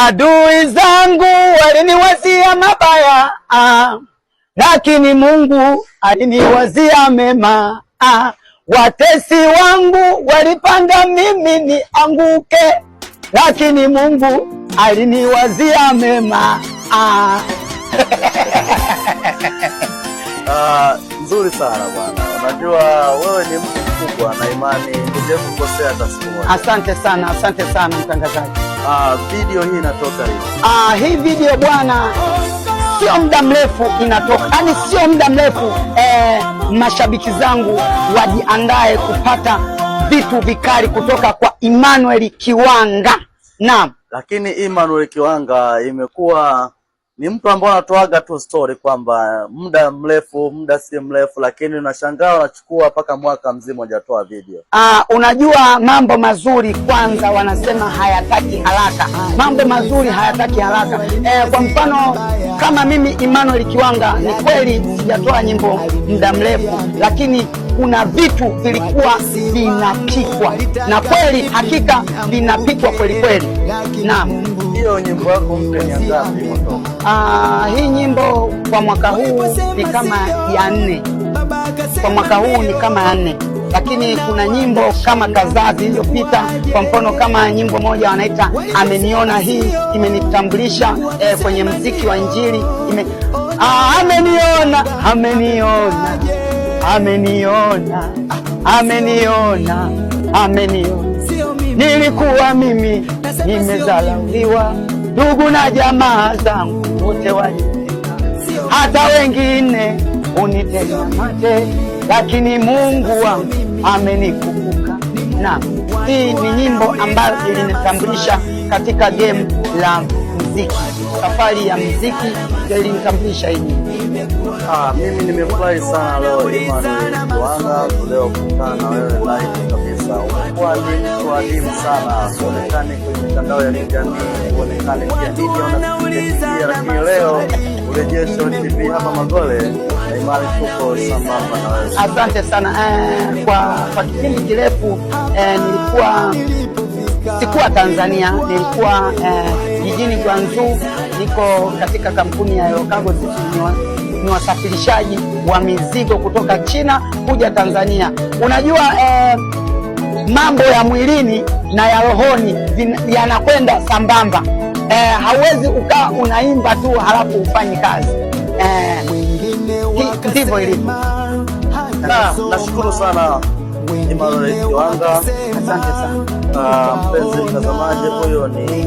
Adui zangu waliniwazia mabaya ah, lakini Mungu aliniwazia mema ah, watesi wangu walipanga mimi nianguke, lakini Mungu aliniwazia mema ah. Ah, nzuri sana bwana. Unajua wewe ni mtu mkubwa na imani, ujekukosea hata siku moja. Asante sana, asante sana mtangazaji. Uh, video hii inatoka hivi. Ah, hii video bwana sio muda mrefu inatoka, yaani sio muda mrefu eh, mashabiki zangu wajiandae kupata vitu vikali kutoka kwa Emmanuel Kiwanga. Naam, lakini Emmanuel Kiwanga imekuwa ni mtu ambaye anatoaga tu story kwamba muda mrefu muda si mrefu, lakini unashangaa unachukua mpaka mwaka mzima hujatoa video. Aa, ah, unajua mambo mazuri kwanza wanasema hayataki haraka, ah, mambo mazuri hayataki haraka. E, kwa mfano kama mimi Emmanuel Kiwanga, ni kweli sijatoa nyimbo muda mrefu, lakini kuna vitu vilikuwa vinapikwa na kweli, hakika vinapikwa kweli kweli. Naam, hiyo nyimbo yako mpya ngapi? Ah, hii nyimbo kwa mwaka huu ni kama ya nne, kwa mwaka huu ni kama ya nne, lakini kuna nyimbo kama kadhaa zilizopita. Kwa mfano kama nyimbo moja wanaita ameniona, hii imenitambulisha eh, kwenye mziki wa Injili ime ah, ameniona, ameniona, ameniona, ameniona, ameniona, nilikuwa mimi nimezalauliwa ndugu na jamaa zangu wote walitenga, hata wengine unitenda mate, lakini Mungu wangu amenikumbuka. Na hii ni nyimbo ambayo ilinitambulisha katika game la mziki, safari ya muziki ilinitambulisha hii. Ah, mimi nimefurahi sana leo Emmanuel Wanga, leo kukutana na wewe live kabisa imekuwa adimu sana, kuonekane kwenye mitandao ya kijamii, kuonekane kiadiia, lakini leo Urejesho TV hapa Magole na imani tuko sambamba na wewe. Asante sana eh, kwa kwa kipindi kirefu eh, nilikuwa sikuwa Tanzania, nilikuwa jijini eh, jijini Guangzhou, niko katika kampuni ya Eurocargo ni wasafirishaji wa mizigo kutoka China kuja Tanzania. Unajua eh, mambo ya mwilini na ya rohoni yanakwenda sambamba. E, hauwezi ukawa unaimba tu halafu ufanyi kazi e, ndivyo ilivyo. Ah, nashukuru sana Emmanuel asante sana ah, mpenzi mtazamaji, huyo ni